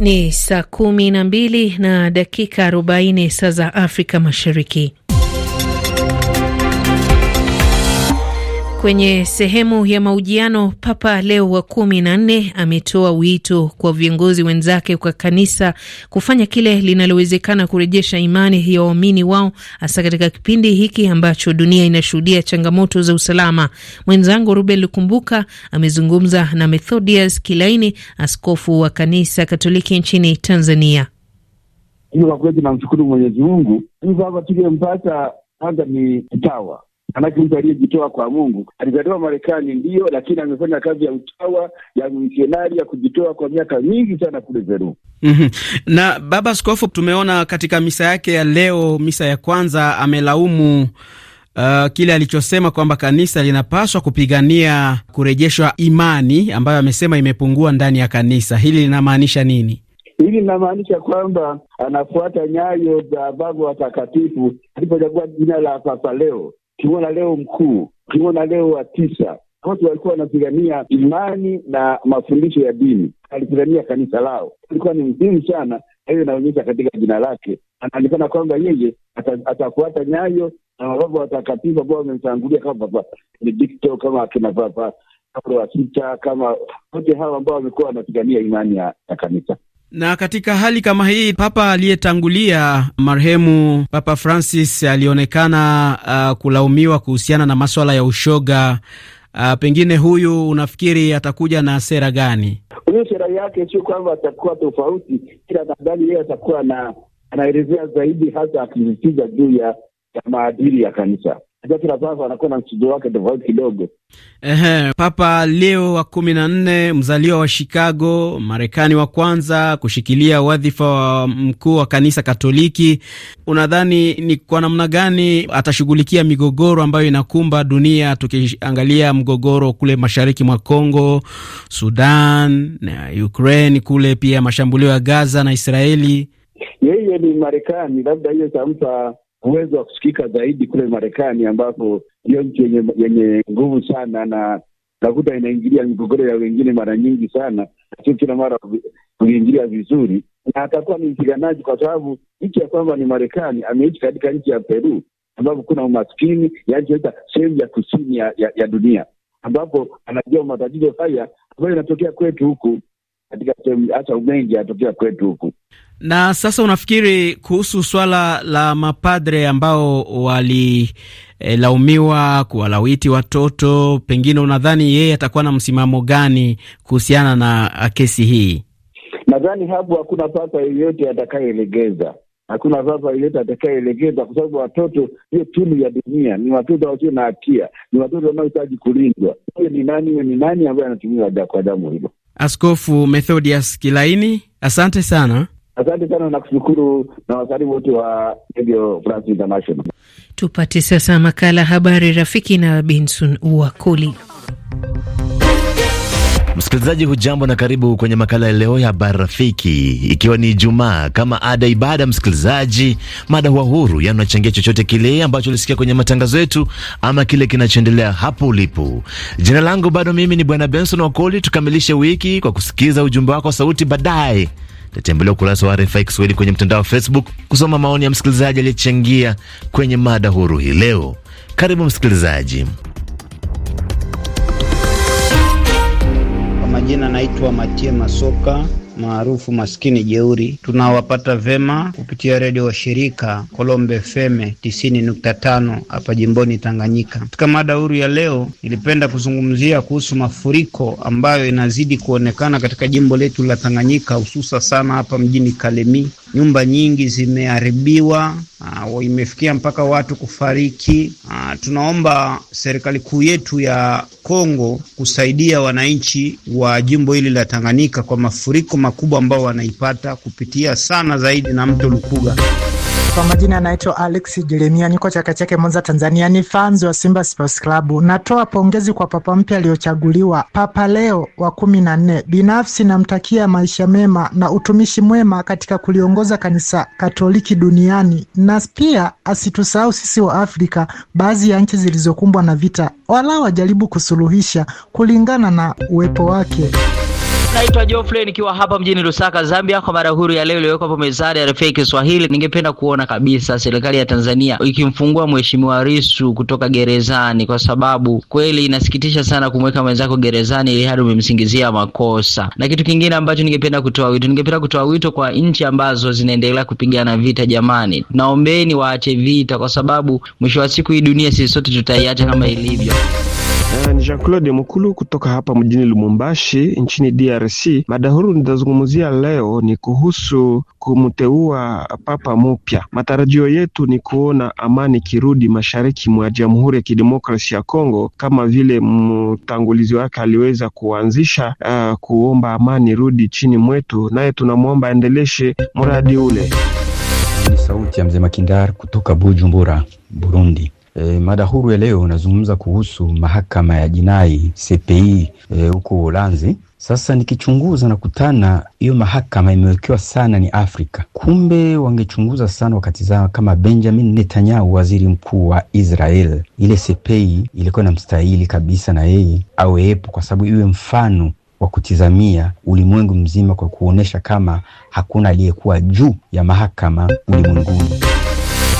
Ni saa kumi na mbili na dakika arobaini saa za Afrika Mashariki. Kwenye sehemu ya mahojiano, Papa Leo wa kumi na nne ametoa wito kwa viongozi wenzake kwa kanisa kufanya kile linalowezekana kurejesha imani ya waamini wao, hasa katika kipindi hiki ambacho dunia inashuhudia changamoto za usalama. Mwenzangu Ruben Lukumbuka amezungumza na Methodius Kilaini, askofu wa kanisa Katoliki nchini Tanzania. Hiyo kwa kweli namshukuru Mwenyezi Mungu huyu tuliyempata kwanza ni kitawa Maanake mtu aliyejitoa kwa Mungu alizaliwa Marekani ndiyo, lakini amefanya kazi ya utawa ya misionari ya kujitoa kwa miaka mingi sana kule Peru. mm -hmm. Na Baba Skofu, tumeona katika misa yake ya leo, misa ya kwanza, amelaumu Uh, kile alichosema kwamba kanisa linapaswa kupigania kurejeshwa imani ambayo amesema imepungua ndani ya kanisa. Hili linamaanisha nini? Hili linamaanisha kwamba anafuata nyayo za baba watakatifu alipochagua jina la Papa leo ukimwona leo mkuu, ukimwona leo wa tisa, watu walikuwa wanapigania imani na mafundisho ya dini, alipigania kanisa lao, ilikuwa ni muhimu sana. Hiyo inaonyesha katika jina lake, anaonekana kwamba yeye atafuata nyayo na mababu watakatifu ambao wamemtangulia kama Papa Benedikto, kama akina Papa Paulo wa Sita, kama wote hawa ambao wamekuwa wanapigania imani ya kanisa. Na katika hali kama hii, papa aliyetangulia marehemu Papa Francis alionekana uh, kulaumiwa kuhusiana na maswala ya ushoga. Uh, pengine huyu unafikiri atakuja na sera gani? Huyu sera yake sio kwamba atakuwa tofauti, kila nadhani yeye atakuwa na anaelezea zaidi, hasa akisisitiza juu ya maadili ya kanisa kila sasa anakuwa na mchujo wake tofauti kidogo. Ehe, Papa Leo wa kumi na nne mzaliwa wa Chicago, Marekani, wa kwanza kushikilia wadhifa wa mkuu wa kanisa Katoliki, unadhani ni kwa namna gani atashughulikia migogoro ambayo inakumba dunia, tukiangalia mgogoro kule mashariki mwa congo Sudan na Ukraine, kule pia mashambulio ya Gaza na Israeli? Yeye ni Marekani, labda hiyo itampa uwezo wa kusikika zaidi kule Marekani, ambapo ndiyo nchi yenye nguvu sana, na nakuta inaingilia migogoro ya wengine mara nyingi sana, sio kila mara kuingilia vizuri, na atakuwa ni mpiganaji, kwa sababu nchi ya kwamba ni Marekani, ameishi katika nchi ya Peru ambapo kuna umaskini, yaani sehemu ya kusini ya, ya, ya dunia ambapo anajua matatizo haya ambayo inatokea kwetu huku katika sehemu hasa mengi yanatokea kwetu huku. Na sasa unafikiri kuhusu swala la mapadre ambao walilaumiwa e, kuwalawiti watoto, pengine unadhani yeye atakuwa na msimamo gani kuhusiana na uh, kesi hii? Nadhani hapo hakuna papa yeyote atakayelegeza hakuna baba yeyote atakayeelekeza, kwa sababu watoto hiyo tunu ya dunia ni watoto wasio na hatia, ni watoto wanaohitaji kulindwa. Huyo ni nani? Huyo ni nani ambaye anatumia kwa damu hilo? Askofu Methodius Kilaini, asante sana. Asante sana na kushukuru na wasanii wote wa Radio France International. Tupate sasa makala habari rafiki na Benson Wakoli. Msikilizaji hujambo na karibu kwenye makala ya leo ya habari rafiki, ikiwa ni Ijumaa kama ada ibada. Msikilizaji, mada huwa huru, yani unachangia chochote kile ambacho ulisikia kwenye matangazo yetu ama kile kinachoendelea hapo ulipo. Jina langu bado mimi ni Bwana Benson Wakoli. Tukamilishe wiki kwa kusikiza ujumbe wako sauti baadaye Natembelea ukurasa wa RFI Kiswahili kwenye mtandao wa Facebook kusoma maoni ya msikilizaji aliyechangia kwenye mada huru hii leo. Karibu msikilizaji. Kwa majina naitwa Matie Masoka maarufu maskini jeuri, tunawapata vema kupitia redio wa shirika Kolombe Feme tisini nukta tano hapa jimboni Tanganyika. Katika mada huru ya leo, nilipenda kuzungumzia kuhusu mafuriko ambayo inazidi kuonekana katika jimbo letu la Tanganyika, hususa sana hapa mjini Kalemi nyumba nyingi zimeharibiwa, uh, imefikia mpaka watu kufariki. Uh, tunaomba serikali kuu yetu ya Kongo kusaidia wananchi wa jimbo hili la Tanganyika kwa mafuriko makubwa ambayo wanaipata kupitia sana zaidi na mto Lukuga. Kwa majina anaitwa Alex Jeremia, niko Chake Chake, Mwanza, Tanzania. Ni fans wa Simba Sports Club. Natoa pongezi kwa papa mpya aliyochaguliwa, Papa Leo wa kumi na nne. Binafsi namtakia maisha mema na utumishi mwema katika kuliongoza kanisa Katoliki duniani, na pia asitusahau sisi wa Afrika, baadhi ya nchi zilizokumbwa na vita, wala wajaribu kusuluhisha kulingana na uwepo wake. Naitwa Geoffrey nikiwa hapa mjini Lusaka, Zambia, kwa mara huru ya leo iliyowekwa hapo mezani ya RFI Kiswahili. Ningependa kuona kabisa serikali ya Tanzania ikimfungua Mheshimiwa Lissu kutoka gerezani, kwa sababu kweli inasikitisha sana kumweka mwenzako gerezani ili hadi umemsingizia makosa. Na kitu kingine ambacho ningependa kutoa wito, ningependa kutoa wito kwa nchi ambazo zinaendelea kupigana vita, jamani, naombeni waache vita, kwa sababu mwisho wa siku hii dunia sisi sote tutaiacha kama ilivyo. Ah, ni Jean-Claude Mukulu kutoka hapa mjini Lumumbashi nchini DRC. Mada huru nitazungumzia leo ni kuhusu kumteua papa mpya Matarajio yetu ni kuona amani kirudi mashariki mwa Jamhuri ya Kidemokrasia ya Kongo kama vile mtangulizi wake aliweza kuanzisha uh, kuomba amani rudi chini mwetu, naye tunamwomba aendeleshe mradi ule. Ni sauti ya mzee Makindar kutoka Bujumbura, Burundi. E, mada huru ya leo unazungumza kuhusu mahakama ya jinai CPI e, eh, huko e, Uholanzi. Sasa nikichunguza nakutana hiyo mahakama imewekewa sana ni Afrika. Kumbe wangechunguza sana wakati zao, kama Benjamin Netanyahu, waziri mkuu wa Israel, ile CPI e ilikuwa na mstahili kabisa na yeye aweepo, kwa sababu iwe mfano wa kutizamia ulimwengu mzima, kwa kuonyesha kama hakuna aliyekuwa juu ya mahakama ulimwenguni.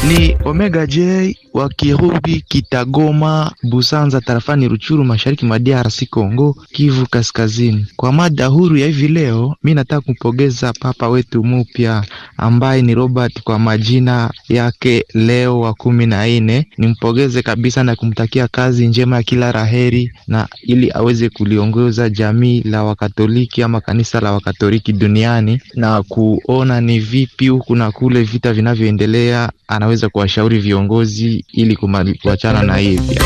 Ni Omega J wa Kirubi Kitagoma Busanza tarafani Ruchuru mashariki mwa DRC Congo Kivu Kaskazini. Kwa mada huru ya hivi leo, mi nataka kumpongeza papa wetu mupya ambaye ni Robert kwa majina yake leo wa kumi na nne. Nimpongeze kabisa na kumtakia kazi njema ya kila raheri, na ili aweze kuliongoza jamii la Wakatoliki ama kanisa la Wakatoliki duniani na kuona ni vipi huku na kule vita vinavyoendelea ana anaweza kuwashauri viongozi ili kuachana na hivi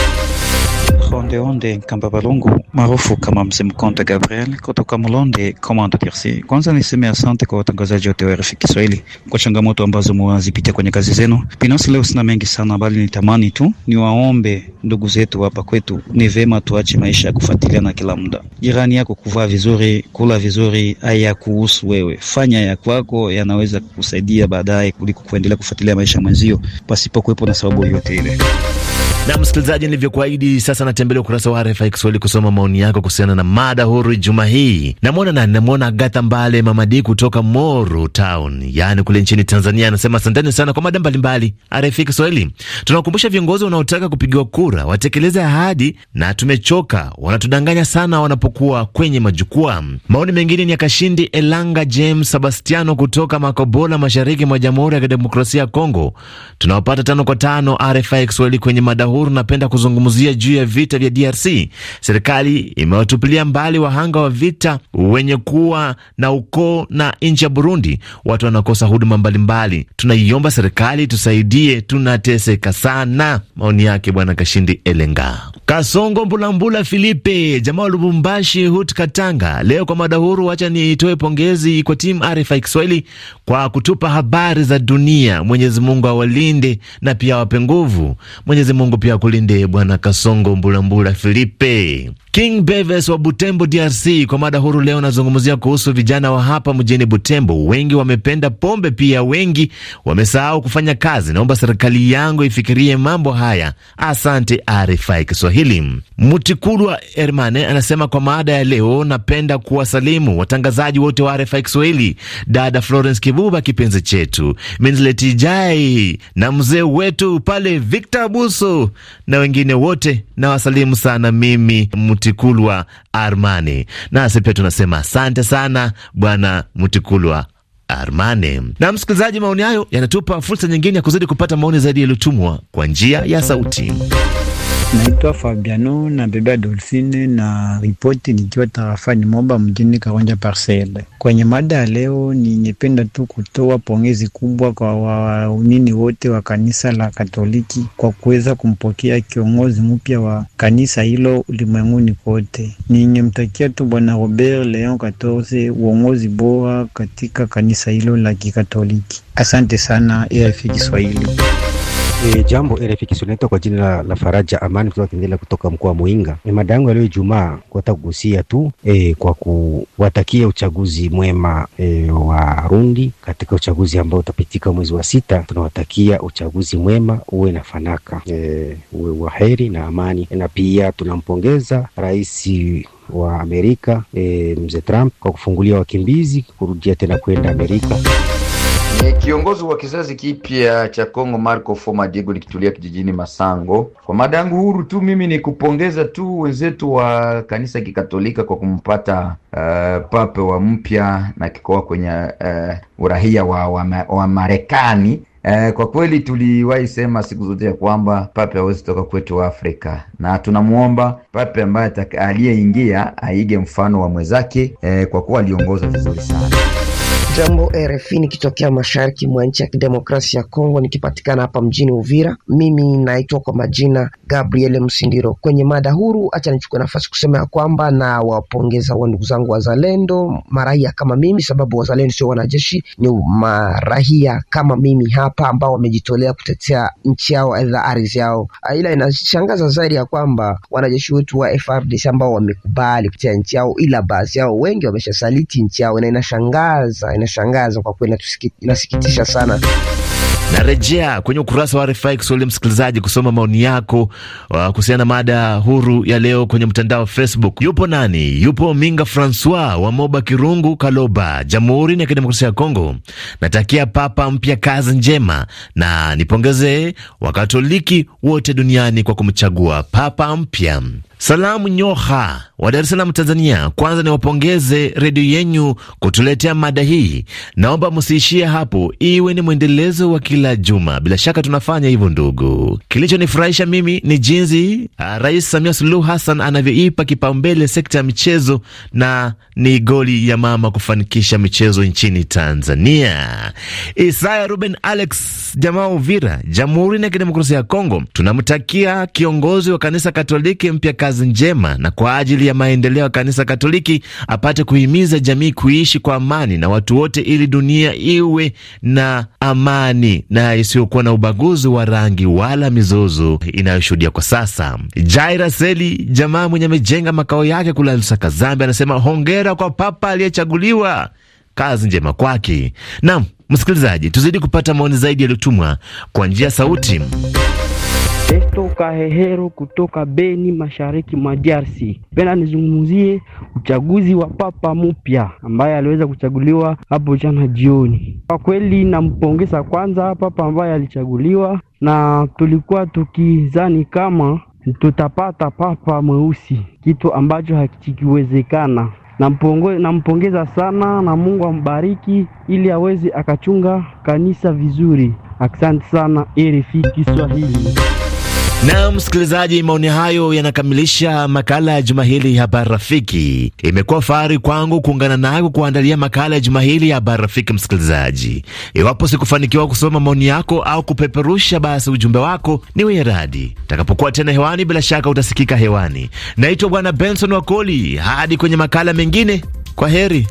Rondeonde Nkamba Balungu maarufu kama Mzee Mkonta Gabriel kutoka Mlonde Komanda DRC. Kwanza niseme asante kwa watangazaji wote wa RFI Kiswahili kwa changamoto ambazo mwazipitia kwenye kazi zenu. Binafsi leo sina mengi sana, bali nitamani tu niwaombe ndugu zetu hapa kwetu, ni vema tuache maisha ya na kila muda. Jirani yako kuvaa vizuri, kula vizuri, haya wewe, fanya ya kwako, yanaweza kukusaidia baadaye kuliko kuendelea kufuatilia maisha mwenzio pasipo kuwepo na sababu yoyote ile. Na msikilizaji, nilivyokuahidi, sasa natembelea ukurasa wa RFI Kiswahili kusoma maoni yako kuhusiana na mada huru juma hii. Namwona nani? Namwona Agatha Mbale Mamadi kutoka Moru Town, yaani kule nchini Tanzania. Anasema asanteni sana kwa mada mbalimbali RFI Kiswahili. Tunawakumbusha viongozi wanaotaka kupigiwa kura watekeleze ahadi, na tumechoka, wanatudanganya sana wanapokuwa kwenye majukwaa. Maoni mengine ni ya Kashindi Elanga James Sebastiano kutoka Makobola, mashariki mwa Jamhuri ya Kidemokrasia ya Kongo. Tunawapata tano kwa tano RFI Kiswahili kwenye mada Uhuru napenda kuzungumzia juu ya vita vya DRC. Serikali imewatupilia mbali wahanga wa vita wenye kuwa na ukoo na nchi ya Burundi, watu wanakosa huduma mbalimbali. Tunaiomba serikali tusaidie, tunateseka sana. Maoni yake Bwana Kashindi Elenga. Kasongo Mbulambula Filipe, jamaa wa Lubumbashi hut Katanga, leo kwa mada huru, wacha nitoe pongezi kwa timu RFI Kiswahili kwa kutupa habari za dunia. Mwenyezi Mungu awalinde na pia awape nguvu. Mwenyezi Mungu pia akulinde Bwana Kasongo Mbulambula Filipe. King Beves wa Butembo, DRC, kwa mada huru leo anazungumzia kuhusu vijana wa hapa mjini Butembo. Wengi wamependa pombe, pia wengi wamesahau kufanya kazi. Naomba serikali yangu ifikirie mambo haya. Asante RFI Kiswahili. Mutikulwa Hermane anasema kwa mada ya leo, napenda kuwasalimu watangazaji wote wa RFI Kiswahili, dada Florence Kibuba, kipenzi chetu Minlet Jai na mzee wetu pale Victor Abuso na wengine wote, nawasalimu sana mimi Mtikulwa Armani. Nasi pia tunasema asante sana Bwana Mtikulwa Armane. Na msikilizaji, maoni hayo yanatupa fursa nyingine ya kuzidi kupata maoni zaidi yaliyotumwa kwa njia ya sauti. Naitwa Fabiano na bebe ya Dolfine na ripoti nikiwa tarafani Moba mjini Karonja Parcele. Kwenye mada ya leo, ningependa tu kutoa pongezi kubwa kwa waumini wote wa kanisa la Katoliki kwa kuweza kumpokea kiongozi mpya wa kanisa hilo ulimwenguni kote. Ningemtakia tu Bwana Robert Leon 14 uongozi bora katika kanisa hilo la Kikatoliki. Asante sana RFI Kiswahili. E, jambo RFI Kiswahili kwa jina la, la Faraja Amani kutoka Kindela kutoka mkoa wa Muinga. E, mada yangu ya Ijumaa kuata kugusia tu e, kwa kuwatakia uchaguzi mwema e, wa Rundi katika uchaguzi ambao utapitika mwezi wa sita. Tunawatakia uchaguzi mwema uwe na fanaka e, uwe wa heri na amani e, na pia tunampongeza rais wa Amerika e, mzee Trump kwa kufungulia wakimbizi kurudia tena kwenda Amerika. Eh, kiongozi wa kizazi kipya cha Kongo Marco Foma Diego, nikitulia kijijini Masango. Kwa mada yangu huru tu, mimi ni kupongeza tu wenzetu wa kanisa kikatolika kwa kumpata uh, pape wa mpya na kikoa kwenye uh, urahia wa, wa, wa Marekani. Eh, kwa kweli tuliwahi sema siku zote ya kwamba pape hawezi toka kwetu Afrika, na tunamwomba pape ambaye aliyeingia aige mfano wa mwenzake eh, kwa kuwa aliongoza vizuri sana. Jambo RFI, nikitokea mashariki mwa nchi ya kidemokrasia ya Kongo, nikipatikana hapa mjini Uvira. Mimi naitwa kwa majina Gabriel Msindiro. Kwenye mada huru, acha nichukue nafasi kusema ya kwamba na wapongeza wa ndugu zangu wazalendo, marahia kama mimi, sababu wazalendo sio wanajeshi, ni marahia kama mimi hapa ambao wamejitolea kutetea nchi yao, aidha ardhi yao. Ila inashangaza zaidi ya kwamba wanajeshi wetu wa FRDC ambao wamekubali kutetea nchi yao, ila baadhi yao wengi wameshasaliti nchi yao, na inashangaza inashangaza kwa kweli, inasikitisha sana. Narejea kwenye ukurasa wa RFI Kiswahili, msikilizaji, kusoma maoni yako uh, kuhusiana na mada huru ya leo kwenye mtandao wa Facebook. Yupo nani? Yupo Minga Francois wa Moba Kirungu, Kaloba, Jamhuri ya Kidemokrasia ya Kongo. Natakia papa mpya kazi njema na nipongeze Wakatoliki wote duniani kwa kumchagua papa mpya. Salamu Nyoha wa Dar es Salaam, Tanzania. Kwanza niwapongeze redio yenyu kutuletea mada hii. Naomba msiishie hapo, iwe ni mwendelezo wa kila juma. Bila shaka tunafanya hivyo ndugu. Kilichonifurahisha mimi ni jinsi ah, Rais Samia Suluhu Hassan anavyoipa kipaumbele sekta ya michezo, na ni goli ya mama kufanikisha michezo nchini Tanzania. Isaya Ruben Alex, jamaa Uvira, Jamhuri ya Kidemokrasia ya Kongo, tunamtakia kiongozi wa kanisa Katoliki mpya kazi njema na kwa ajili ya maendeleo ya kanisa Katoliki, apate kuhimiza jamii kuishi kwa amani na watu wote, ili dunia iwe na amani na isiyokuwa na ubaguzi wa rangi wala mizozo inayoshuhudia kwa sasa. Jaira Seli, jamaa mwenye amejenga makao yake kula Lusaka, Zambia, anasema hongera kwa papa aliyechaguliwa, kazi njema kwake. Naam msikilizaji, tuzidi kupata maoni zaidi yaliyotumwa kwa njia sauti kutoka Heheru kutoka Beni, mashariki mwa DRC. Penda nizungumzie uchaguzi wa papa mpya ambaye aliweza kuchaguliwa hapo jana jioni. Kwa kweli nampongeza kwanza papa ambaye alichaguliwa, na tulikuwa tukizani kama tutapata papa mweusi, kitu ambacho hakikiwezekana. Nampongeza sana na Mungu ambariki ili aweze akachunga kanisa vizuri. Asante sana RFI Kiswahili. Na msikilizaji, maoni hayo yanakamilisha makala ya juma hili ya habari rafiki. Imekuwa fahari kwangu kuungana nako kuandalia makala ya juma hili ya habari rafiki. Msikilizaji, iwapo sikufanikiwa kusoma maoni yako au kupeperusha, basi ujumbe wako ni wenye radi. Takapokuwa tena hewani, bila shaka utasikika hewani. Naitwa Bwana Benson Wakoli. Hadi kwenye makala mengine, kwa heri.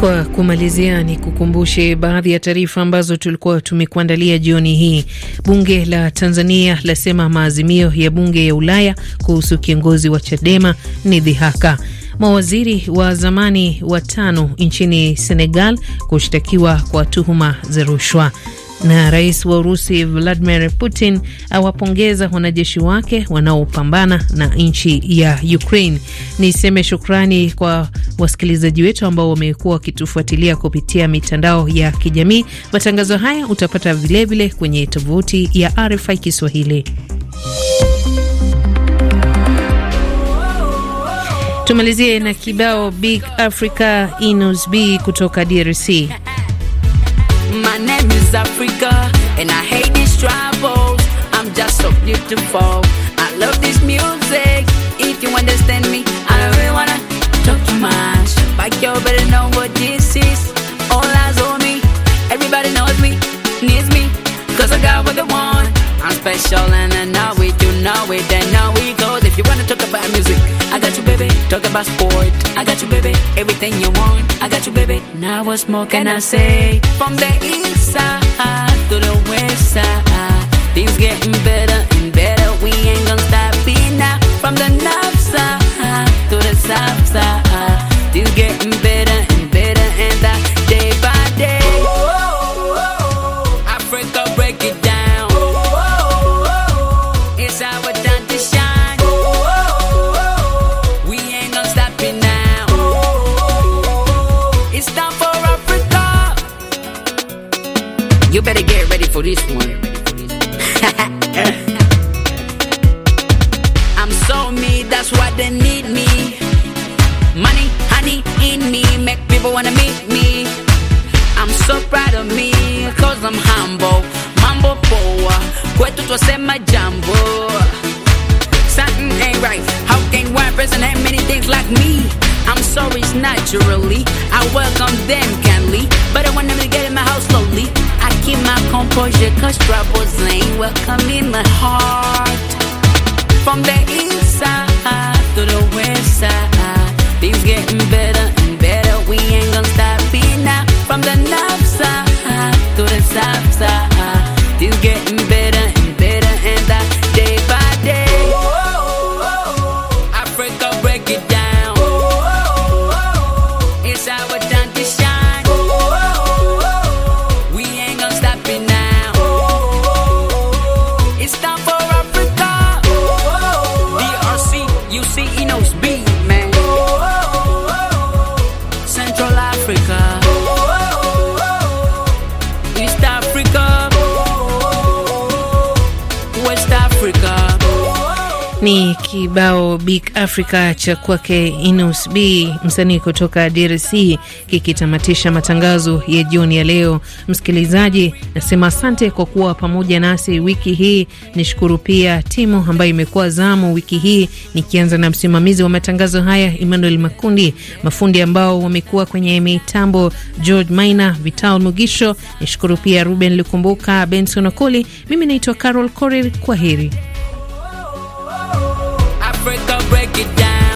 Kwa kumalizia ni kukumbushe baadhi ya taarifa ambazo tulikuwa tumekuandalia jioni hii. Bunge la Tanzania lasema maazimio ya bunge ya Ulaya kuhusu kiongozi wa Chadema ni dhihaka. Mawaziri wa zamani watano nchini Senegal kushtakiwa kwa tuhuma za rushwa. Na rais wa Urusi Vladimir Putin awapongeza wanajeshi wake wanaopambana na nchi ya Ukraine. Niseme shukrani kwa wasikilizaji wetu ambao wamekuwa wakitufuatilia kupitia mitandao ya kijamii. Matangazo haya utapata vilevile vile kwenye tovuti ya RFI Kiswahili. Tumalizie na kibao Big Africa Inos B kutoka DRC. is Africa, and I hate these troubles. I'm just so beautiful. I love this music. If you understand me, I don't really wanna talk too much. But you better know what this is. All eyes on me. Everybody knows me, needs me. Cause I got what they want. I'm special and I know it, you know it, Then know it goes. If you wanna talk about music, Talk about sport. I got you, baby. Everything you want. I got you, baby. Now what's more can I say? From the east side to the west side, things getting better and better. We ain't gonna stop it now. From the north side to the south. Big Africa cha kwake Inus B, msanii kutoka DRC, kikitamatisha matangazo ya jioni ya leo. Msikilizaji, nasema asante kwa kuwa pamoja nasi wiki hii. Nishukuru pia timu ambayo imekuwa zamu wiki hii, nikianza na msimamizi wa matangazo haya Emmanuel Makundi, mafundi ambao wamekuwa kwenye mitambo George Maina, Vital Mugisho. Nishukuru pia Ruben Lukumbuka, Benson Okoli. Mimi naitwa Carol Korir, kwa heri.